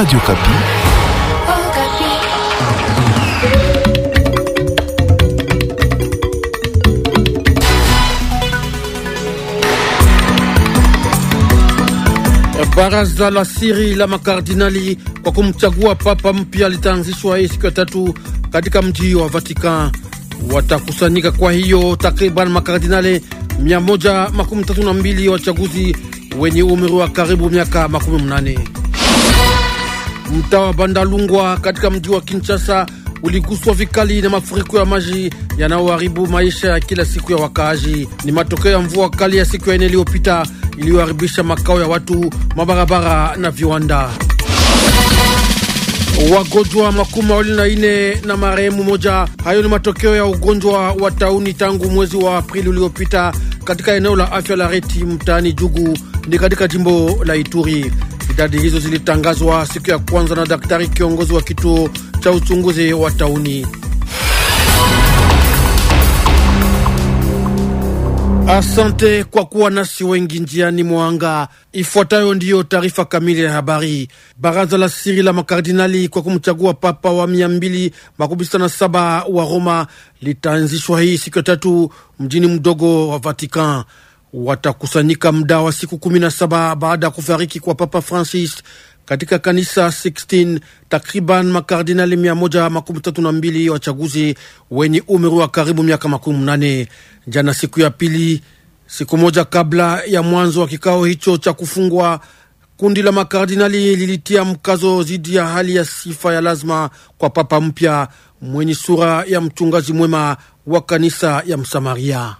Radio Kapi. Baraza la siri la makardinali kwa kumchagua papa mpya litaanzishwa hii siku ya tatu katika mji wa Vatican. Watakusanyika kwa hiyo takriban makardinali 132 wachaguzi wenye umri wa karibu miaka makumi mnane. Mtaa wa Bandalungwa katika mji wa Kinshasa uliguswa vikali na mafuriko ya maji yanayoharibu maisha ya kila siku ya wakaaji. Ni matokeo ya mvua kali ya siku ya ine iliyopita iliyoharibisha makao ya watu, mabarabara na viwanda. Wagonjwa makumi mawili na ine na marehemu moja. Hayo ni matokeo ya ugonjwa wa tauni tangu mwezi wa Aprili uliopita katika eneo la afya la Reti mtaani Jugu ni katika jimbo la Ituri. Idadi hizo zilitangazwa siku ya kwanza na daktari kiongozi wa kituo cha uchunguzi wa tauni. Asante kwa kuwa nasi wengi njiani mwanga. Ifuatayo ndiyo taarifa kamili ya habari. Baraza la siri la makardinali kwa kumchagua papa wa saba wa Roma litaanzishwa hii siku ya tatu mjini mdogo wa Vatican watakusanyika muda wa siku 17 baada ya kufariki kwa Papa Francis katika kanisa 16 takriban makardinali 132 wachaguzi wenye umri wa karibu miaka makumi mnane jana siku ya pili, siku moja kabla ya mwanzo wa kikao hicho cha kufungwa. Kundi la makardinali lilitia mkazo dhidi ya hali ya sifa ya lazima kwa papa mpya mwenye sura ya mchungaji mwema wa kanisa ya Msamaria.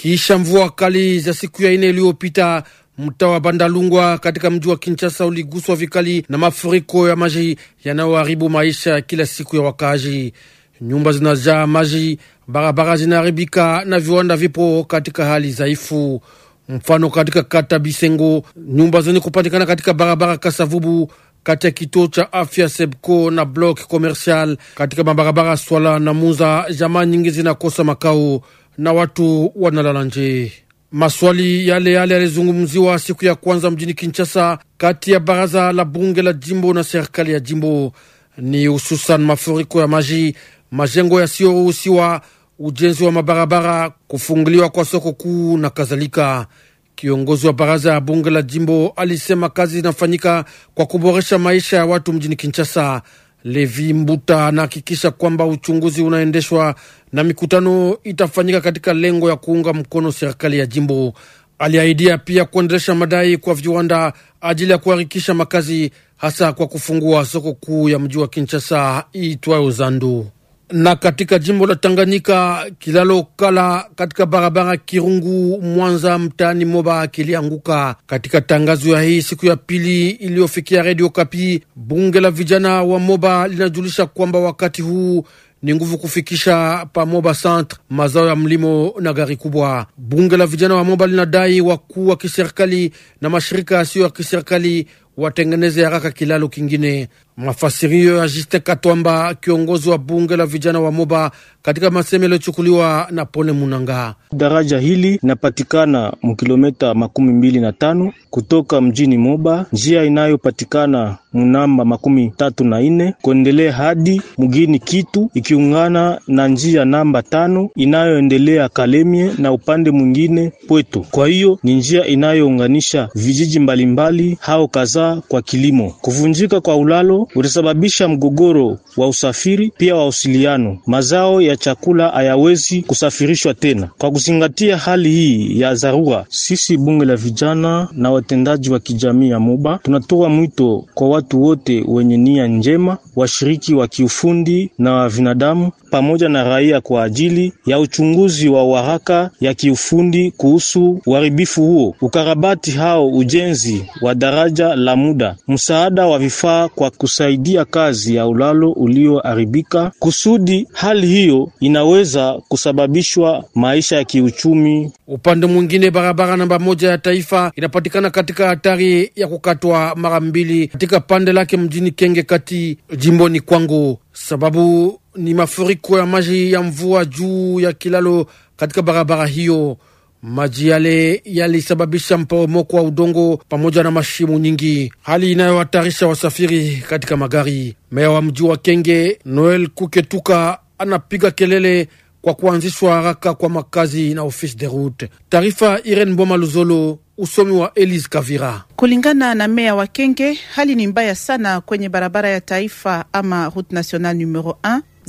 Kisha mvua kali za siku ya ine iliyopita mtaa wa Bandalungwa katika mji wa Kinshasa uliguswa vikali na mafuriko ya maji yanayoharibu maisha ya kila siku ya wakaaji. Nyumba zinajaa maji, barabara zinaharibika na viwanda vipo katika hali dhaifu. Mfano, katika kata Bisengo, nyumba zenye kupatikana katika barabara Kasavubu kati ya kituo cha afya Sebco na Block Commercial katika mabarabara Swala na Muza, jamaa nyingi zinakosa makao na watu wanalala nje. Maswali yale yale yalizungumziwa siku ya kwanza mjini Kinshasa kati ya baraza la bunge la jimbo na serikali ya jimbo, ni hususan mafuriko ya maji, majengo yasiyoruhusiwa, ujenzi wa mabarabara, kufunguliwa kwa soko kuu na kadhalika. Kiongozi wa baraza ya bunge la jimbo alisema kazi inafanyika kwa kuboresha maisha ya watu mjini Kinshasa Levi Mbuta anahakikisha kwamba uchunguzi unaendeshwa na mikutano itafanyika katika lengo ya kuunga mkono serikali ya jimbo. Aliahidia pia kuendelesha madai kwa viwanda ajili ya kuharikisha makazi, hasa kwa kufungua soko kuu ya mji wa Kinshasa iitwayo Zandu na katika jimbo la Tanganyika kilalo Kala katika barabara Kirungu Mwanza mtaani Moba kilianguka. Katika tangazo ya hii siku ya pili iliyofikia redio Kapi, bunge la vijana wa Moba linajulisha kwamba wakati huu ni nguvu kufikisha pa Moba centre mazao ya mlimo na gari kubwa. Bunge la vijana wa Moba linadai wakuu wa kiserikali na mashirika yasiyo ya kiserikali watengeneze haraka kilalo kingine. Mafasirio ya Jiste katwamba kiongozi wa bunge la vijana wa Moba, katika maseme yaliyochukuliwa na Pole Munanga. Daraja hili linapatikana mkilometa makumi mbili na tano kutoka mjini Moba, njia inayopatikana munamba makumi tatu na nne kuendelea hadi mgini Kitu, ikiungana na njia namba tano inayoendelea Kalemie na upande mwingine Pweto. Kwa hiyo ni njia inayounganisha vijiji mbalimbali hao kadhaa kwa kilimo. Kuvunjika kwa ulalo utasababisha mgogoro wa usafiri pia usiliano. Mazao ya chakula hayawezi kusafirishwa tena. Kwa kuzingatia hali hii ya dharura, sisi bunge la vijana na watendaji wa kijamii ya Moba tunatoa mwito kwa watu wote wenye nia njema, washiriki wa kiufundi na wa vinadamu pamoja na raia kwa ajili ya uchunguzi wa waraka ya kiufundi kuhusu uharibifu huo, ukarabati hao ujenzi wa daraja la muda, msaada wa vifaa kwa kusaidia kazi ya ulalo ulioharibika, kusudi hali hiyo inaweza kusababishwa maisha ya kiuchumi. Upande mwingine, barabara namba moja ya taifa inapatikana katika hatari ya kukatwa mara mbili katika pande lake mjini Kenge kati jimboni kwangu sababu ni mafuriko ya maji ya mvua juu ya kilalo katika barabara hiyo. Maji yale yalisababisha mporomoko wa udongo pamoja na mashimo nyingi, hali inayohatarisha wasafiri katika magari. Meya wa mji wa Kenge Noel Kuketuka anapiga kelele kwa kuanzishwa haraka kwa makazi na office de route. Taarifa Irene Boma Luzolo, usomi wa Elise Kavira. Kulingana na meya wa Kenge, hali ni mbaya sana kwenye barabara ya taifa ama route nationale numero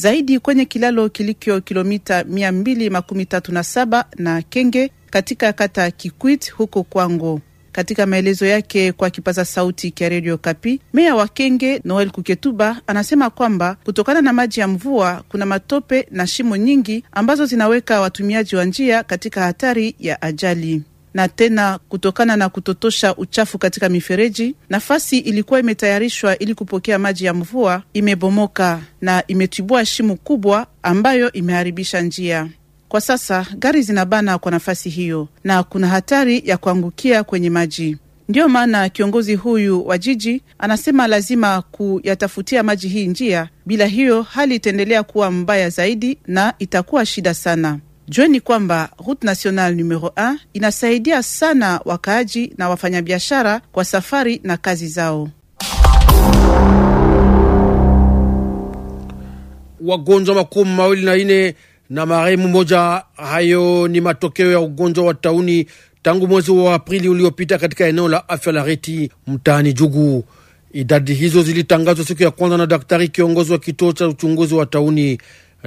zaidi kwenye kilalo kilikyo kilomita mia mbili makumi tatu na saba na Kenge katika kata Kikwit huko Kwango. Katika maelezo yake kwa kipaza sauti kya redio Kapi, meya wa Kenge Noel Kuketuba anasema kwamba kutokana na maji ya mvua kuna matope na shimo nyingi ambazo zinaweka watumiaji wa njia katika hatari ya ajali na tena kutokana na kutotosha uchafu katika mifereji, nafasi ilikuwa imetayarishwa ili kupokea maji ya mvua imebomoka na imetibua shimo kubwa ambayo imeharibisha njia. Kwa sasa gari zinabana kwa nafasi hiyo na kuna hatari ya kuangukia kwenye maji. Ndiyo maana kiongozi huyu wa jiji anasema lazima kuyatafutia maji hii njia, bila hiyo hali itaendelea kuwa mbaya zaidi na itakuwa shida sana. Jueni kwamba route national numero 1 inasaidia sana wakaaji na wafanyabiashara kwa safari na kazi zao. Wagonjwa makumi mawili na ine na marehemu moja. Hayo ni matokeo ya ugonjwa wa tauni tangu mwezi wa Aprili uliopita katika eneo la afya la Reti mtaani Jugu. Idadi hizo zilitangazwa siku ya kwanza na daktari kiongozi wa kituo cha uchunguzi wa tauni.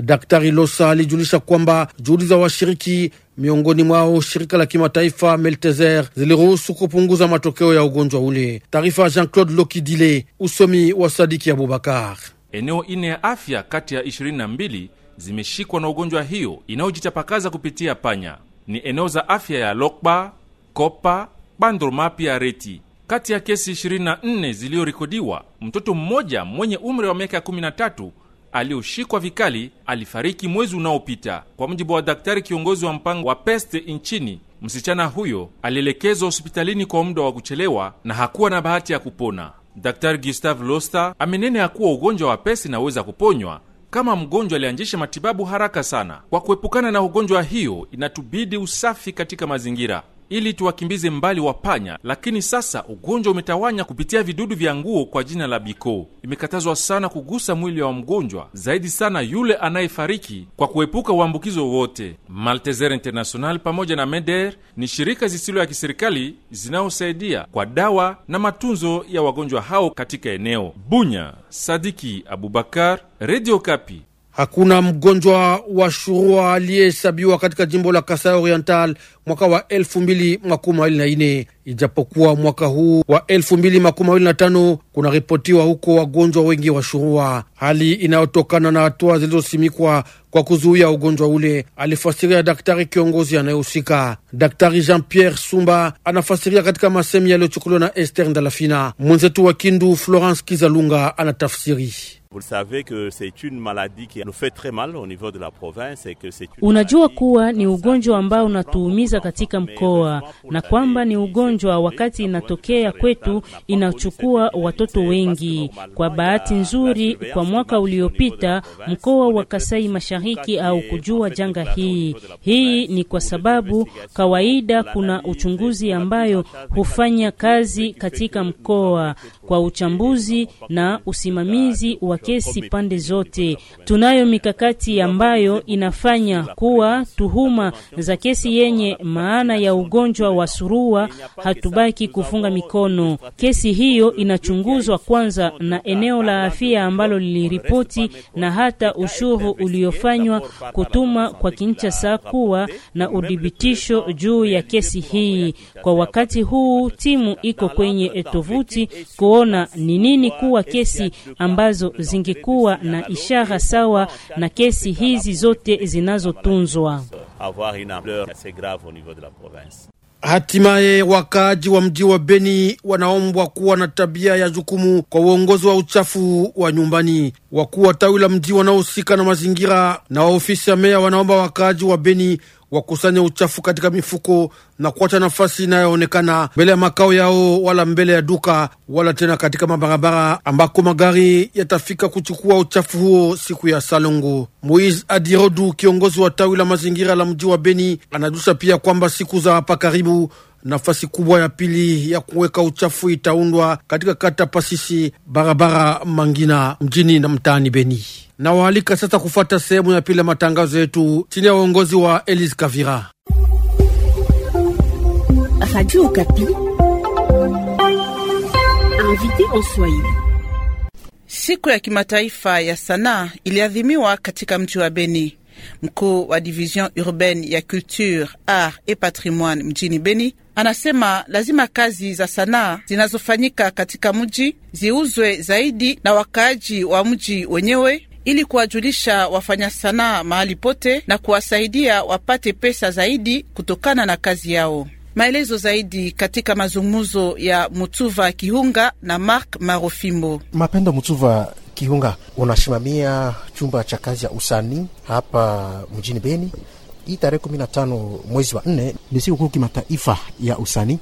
Daktari Losa alijulisha kwamba juhudi za washiriki miongoni mwao shirika la kimataifa melteser ziliruhusu kupunguza matokeo ya ugonjwa ule. Taarifa ya Jean-Claude Lokidile, usomi wa Sadiki Abubakar. Eneo ine ya afya kati ya 22 zimeshikwa na ugonjwa hiyo inayojitapakaza kupitia panya. Ni eneo za afya ya Lokba, Kopa, Bandroma pia Reti. Kati ya kesi 24 ziliyorekodiwa, mtoto mmoja mwenye umri wa miaka 13 aliyoshikwa vikali alifariki mwezi unaopita, kwa mujibu wa daktari kiongozi wa mpango wa peste nchini. Msichana huyo alielekezwa hospitalini kwa muda wa kuchelewa na hakuwa na bahati ya kupona. Daktari Gustave Loster amenene ya kuwa ugonjwa wa peste inaweza kuponywa kama mgonjwa alianjisha matibabu haraka sana. Kwa kuepukana na ugonjwa hiyo, inatubidi usafi katika mazingira ili tuwakimbize mbali wa panya, lakini sasa ugonjwa umetawanya kupitia vidudu vya nguo kwa jina la biko. Imekatazwa sana kugusa mwili wa mgonjwa, zaidi sana yule anayefariki, kwa kuepuka uambukizo wote. Malteser International pamoja na MEDER ni shirika zisilo ya kiserikali zinayosaidia kwa dawa na matunzo ya wagonjwa hao katika eneo Bunya. Sadiki Abubakar, Radio Kapi. Hakuna mgonjwa wa shurua aliyehesabiwa katika jimbo la Kasai Oriental mwaka wa elfu mbili makumi mawili na nne ijapokuwa mwaka huu wa elfu mbili makumi mawili na tano kuna ripotiwa huko wagonjwa wengi wa shurua, hali inayotokana na hatua zilizosimikwa kwa kuzuia ugonjwa ule, alifasiria daktari kiongozi anayehusika. Daktari Jean Pierre Sumba anafasiria katika masemi yaliyochukuliwa na esther Ndalafina. Mwenzetu wa Kindu Florence Kizalunga anatafsiri. Vous savez que c'est une maladie qui nous fait très mal au niveau de la province et que c'est Unajua kuwa ni ugonjwa ambao unatuumiza katika mkoa na kwamba ni ugonjwa wakati inatokea kwetu inachukua watoto wengi. Kwa bahati nzuri, kwa mwaka uliopita mkoa wa Kasai Mashariki au kujua janga hii. Hii ni kwa sababu kawaida kuna uchunguzi ambayo hufanya kazi katika mkoa kwa uchambuzi na usimamizi wa kesi pande zote. Tunayo mikakati ambayo inafanya kuwa tuhuma za kesi yenye maana ya ugonjwa wa surua hatubaki kufunga mikono. Kesi hiyo inachunguzwa kwanza na eneo la afya ambalo liliripoti na hata ushuru uliofanywa kutuma kwa Kinshasa kuwa na udhibitisho juu ya kesi hii. Kwa wakati huu timu iko kwenye tovuti kuona ni nini kuwa kesi ambazo zi zingekuwa na ishara sawa na kesi hizi zote zinazotunzwa. Hatimaye wakaaji wa mji wa Beni wanaombwa kuwa na tabia ya jukumu kwa uongozi wa uchafu wa nyumbani. Wakuu wa tawi la mji wanaohusika na mazingira na waofisi ya meya wanaomba wakaaji wa Beni wakusanye uchafu katika mifuko na kuacha nafasi inayoonekana mbele ya makao yao wala mbele ya duka wala tena katika mabarabara ambako magari yatafika kuchukua uchafu huo siku ya Salongo. Mois Adirodu, kiongozi wa tawi la mazingira la mji wa Beni, anajusha pia kwamba siku za hapa karibu nafasi kubwa ya pili ya kuweka uchafu itaundwa katika kata Pasisi, barabara Mangina mjini na mtaani Beni. Nawaalika sasa kufuata sehemu ya pili ya matangazo yetu chini ya uongozi wa Elise Kavira. Siku ya kimataifa ya sanaa iliadhimiwa katika mji wa Beni. Mkuu wa division urbaine ya culture, art et patrimoine mjini Beni anasema lazima kazi za sanaa zinazofanyika katika mji ziuzwe zaidi na wakaaji wa mji wenyewe ili kuwajulisha wafanya sanaa mahali pote na kuwasaidia wapate pesa zaidi kutokana na kazi yao. Maelezo zaidi katika mazungumzo ya Mutuva Kihunga na Mark Marofimbo. Mapendo Mutuva Kiunga, unasimamia chumba cha kazi ya usanii hapa mjini Beni. Hii tarehe kumi na tano mwezi wa nne ni sikukuu kimataifa ya usanii,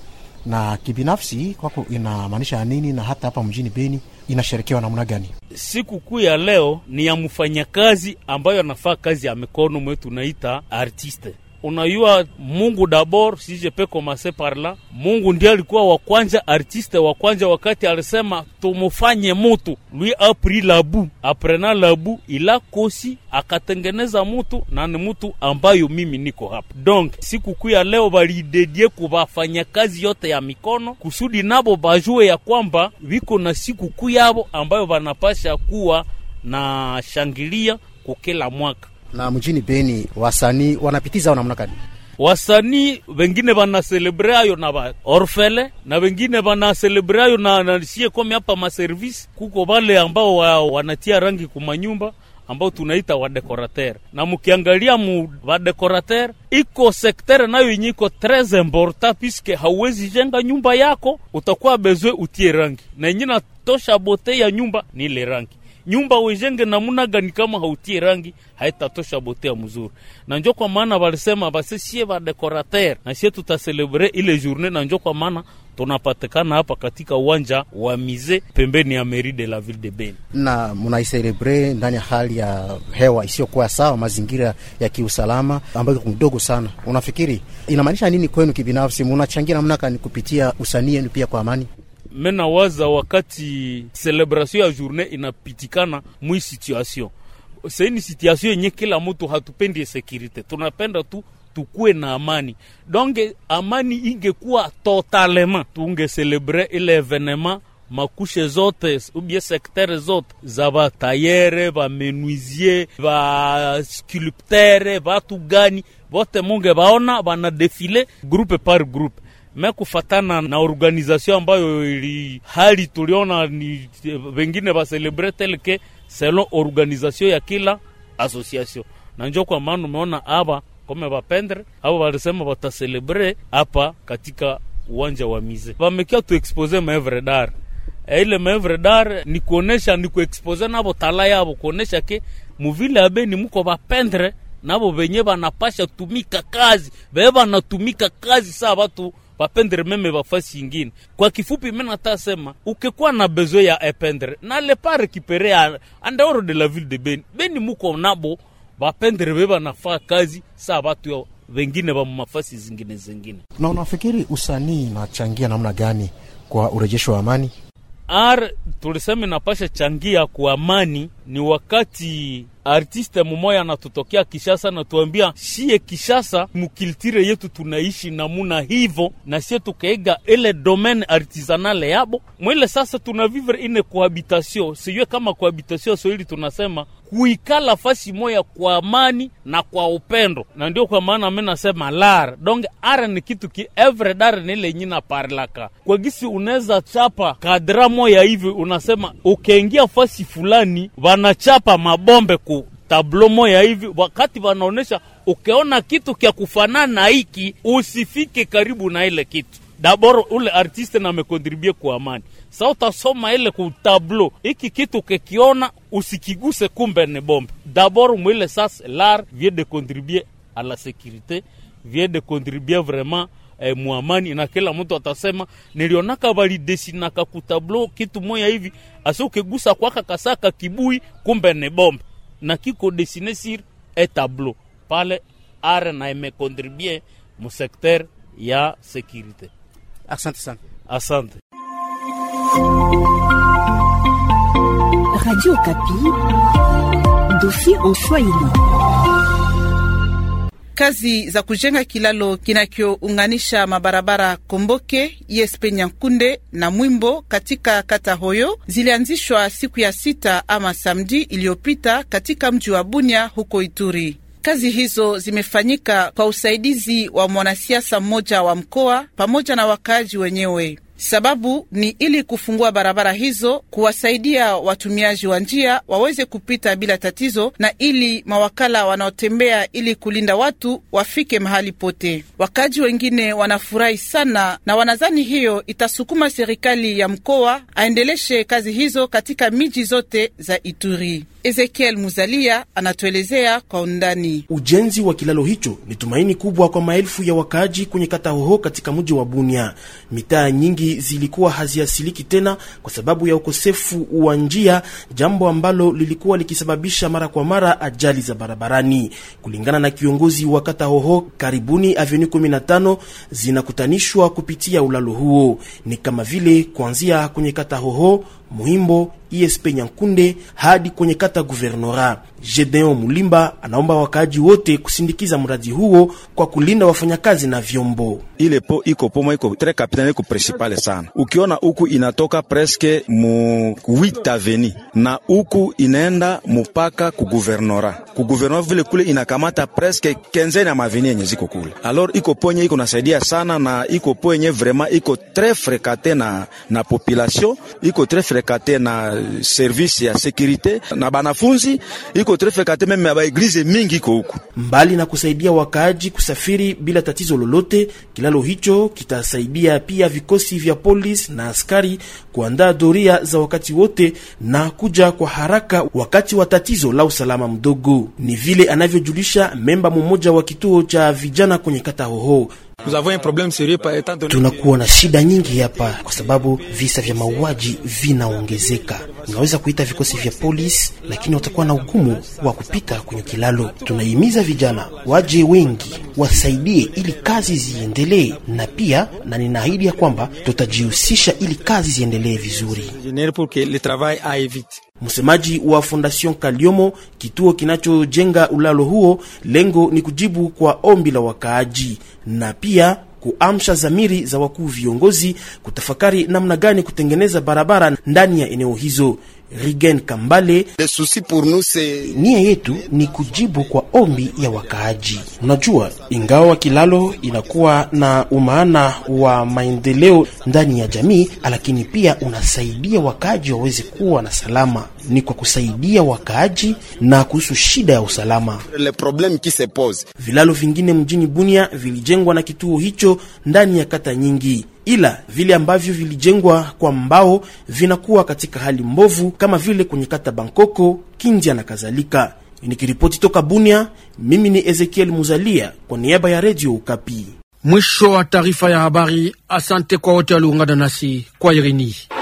na kibinafsi kwako inamaanisha nini, na hata hapa mjini Beni inasherekewa namna gani? Siku kuu ya leo ni ya mfanyakazi ambayo anafaa kazi ya mikono mwetu, tunaita artiste unayua Mungu dabord, si je peux commencer par là. Mungu ndiye alikuwa wa kwanza artiste wa kwanza, wakati alisema tumufanye mutu, lui apri labu aprena labu ila kosi akatengeneza mutu na ni mutu ambayo mimi niko hapa. Donc siku kuu ya leo balidedie kubafanya kazi yote ya mikono kusudi nabo bajue ya kwamba wiko na siku kuu yabo ambayo banapasha kuwa na shangilia kukila mwaka na mjini Beni wasanii wanapitiza namna gani? Wasanii wengine ayo na ba orfele na wengine wanaselebreayo na, na sie komi hapa maservisi. Kuko wale ambao wa, wanatia rangi kumanyumba ambao tunaita wadekorater, na mukiangalia mu wadekorater iko sektere nayo yenye iko tres importa, piske hauwezi jenga nyumba yako utakuwa bezwe utie rangi na yenye natosha bote ya nyumba ni ile rangi nyumba wejenge namuna gani kama hautie rangi haitatosha ya mzuri. Na njo kwa maana walisema basi sie ba decorateur na sie tutaselebre ile journée, na njo kwa maana tunapatikana hapa katika uwanja wa Mize pembeni ya mairie de la ville de Beni, na munaiselebre ndani ya hali ya hewa isiyokuwa sawa, mazingira ya kiusalama ambayo mdogo sana. Unafikiri inamaanisha nini kwenu kibinafsi? Munachangia namna gani kupitia usanii yenu pia kwa amani? mena waza wakati celebration ya journée inapitikana mwi situation saini situation yenye kila mtu hatupendi security, tunapenda tu tukuwe na amani. Donc amani ingekuwa totalema, tungeselebre ile evenema makushe zote ubie sektere zote za batayere bamenuizie basculptere batu gani bote munge baona bana defile groupe par groupe me kufatana na organization ambayo ili hali tuliona ni wengine baselebre teleke selon organization ya kila association, na njo kwa maana umeona aba kome bapendre aba balisema bataselebre hapa katika uwanja wa mize, bamekia tuexpose maevre dar e, ile maevre dar ni kuonesha ni kuexpose nabo tala yabo kuonesha ke muvile ni muko bapendre nabo benye banapasha tumika kazi bebe banatumika kazi saa batu wapendere meme wafasi ingine. Kwa kifupi, mimi natasema ukikuwa na besoin ya ependre na le pas récupérer en dehors de la ville de Beni, Beni muko nabo wapendere beba nafaa kazi saa watu yao wengine wa mafasi zingine zingine. Na unafikiri usanii inachangia namna gani kwa urejesho wa amani? R tulisema inapasha changia kwa amani ni wakati artiste mumoya anatutokea Kishasa na tuambia shie Kishasa mukiltire yetu tunaishi namuna hivo, na sie tukaega ile domaine artisanale yabo mwele. Sasa tunavivre ine kohabitation, sijue kama kohabitation swahili tunasema kuikala fasi moya kwa amani na kwa upendo, na ndio kwa maana mimi nasema lar donc are ni kitu ki every dar ni ile nyina parlaka kwa gisi unaweza chapa kadra moya hivi, unasema ukiingia fasi fulani wanachapa mabombe kwa tablo moya hivi, wakati wanaonesha, ukiona kitu kya kufanana hiki usifike karibu na ile kitu daboro ule artiste na amekontribue kwa amani. Sa utasoma ile ku tablo hiki kitu kekiona usikiguse, kumbe ni bombe. Daboro mwile sasa lar vie de contribue a la sécurité, vie de contribue vraiment E, eh, muamani na kila mtu atasema nilionaka bali desinaka kutablo kitu moya hivi, asi ukigusa kwaka kasaka kibui, kumbe ni bombe na kiko desine sur e tableau pale are na mu musekter ya sekirite. Asante sana. Asante. Radio Kapi, dossier en Swahili kazi za kujenga kilalo kinachounganisha mabarabara Komboke, Yespe, Nyankunde na Mwimbo katika kata Hoyo zilianzishwa siku ya sita ama samdi iliyopita katika mji wa Bunya huko Ituri. Kazi hizo zimefanyika kwa usaidizi wa mwanasiasa mmoja wa mkoa pamoja na wakaaji wenyewe. Sababu ni ili kufungua barabara hizo, kuwasaidia watumiaji wa njia waweze kupita bila tatizo, na ili mawakala wanaotembea ili kulinda watu wafike mahali pote. Wakaji wengine wanafurahi sana na wanadhani hiyo itasukuma serikali ya mkoa aendeleshe kazi hizo katika miji zote za Ituri. Ezekiel Muzalia anatuelezea kwa undani. Ujenzi wa kilalo hicho ni tumaini kubwa kwa maelfu ya wakaaji kwenye kata Hoho katika mji wa Bunia. Mitaa nyingi zilikuwa haziasiliki tena kwa sababu ya ukosefu wa njia, jambo ambalo lilikuwa likisababisha mara kwa mara ajali za barabarani. Kulingana na kiongozi wa kata Hoho, karibuni avenu 15 zinakutanishwa kupitia ulalo huo, ni kama vile kuanzia kwenye kata Hoho Muhimbo, ISP Nyankunde hadi kwenye kata guvernora. Gedeon Mulimba anaomba wakaaji wote kusindikiza mradi huo kwa kulinda wafanyakazi na vyombo. Ile po iko po iko tre capitaine iko principale sana. Ukiona huku inatoka preske mu wita veni na huku inaenda mupaka ku guvernora. Ku guvernora vile kule inakamata preske kenzeni ya maveni yenye ziko kule. Alors iko po ponye iko nasaidia sana na iko po ponye vraiment iko tre frekate na na population iko tre frekate trefekate na service ya sekurite na banafunzi iko trefekate meme ya baeglize mingi iko huku. Mbali na kusaidia wakaaji kusafiri bila tatizo lolote, kilalo hicho kitasaidia pia vikosi vya polisi na askari kuandaa doria za wakati wote na kuja kwa haraka wakati wa tatizo la usalama mdogo. Ni vile anavyojulisha memba mmoja wa kituo cha vijana kwenye kata Hoho. Tunakuwa na shida nyingi hapa kwa sababu visa vya mauaji vinaongezeka. Unaweza kuita vikosi vya polisi, lakini watakuwa na ugumu wa kupita kwenye kilalo. Tunahimiza vijana waje wengi wasaidie, ili kazi ziendelee, na pia na ninaahidi ya kwamba tutajihusisha ili kazi ziendelee vizuri. Msemaji wa Fondation Kaliomo, kituo kinachojenga ulalo huo, lengo ni kujibu kwa ombi la wakaaji na pia kuamsha zamiri za wakuu viongozi kutafakari namna gani kutengeneza barabara ndani ya eneo hizo. Rigen Kambale, nia yetu ni kujibu kwa ombi ya wakaaji. Unajua, ingawa kilalo inakuwa na umaana wa maendeleo ndani ya jamii, lakini pia unasaidia wakaaji waweze kuwa na salama. Ni kwa kusaidia wakaaji na kuhusu shida ya usalama. Vilalo vingine mjini Bunia vilijengwa na kituo hicho ndani ya kata nyingi ila vile ambavyo vilijengwa kwa mbao vinakuwa katika hali mbovu, kama vile kwenye kata Bankoko, Kindia na kadhalika. Nikiripoti toka Bunia, mimi ni Ezekiel Muzalia kwa niaba ya Redio Ukapi. Mwisho wa taarifa ya habari. Asante kwa wote walioungana nasi kwa Irini.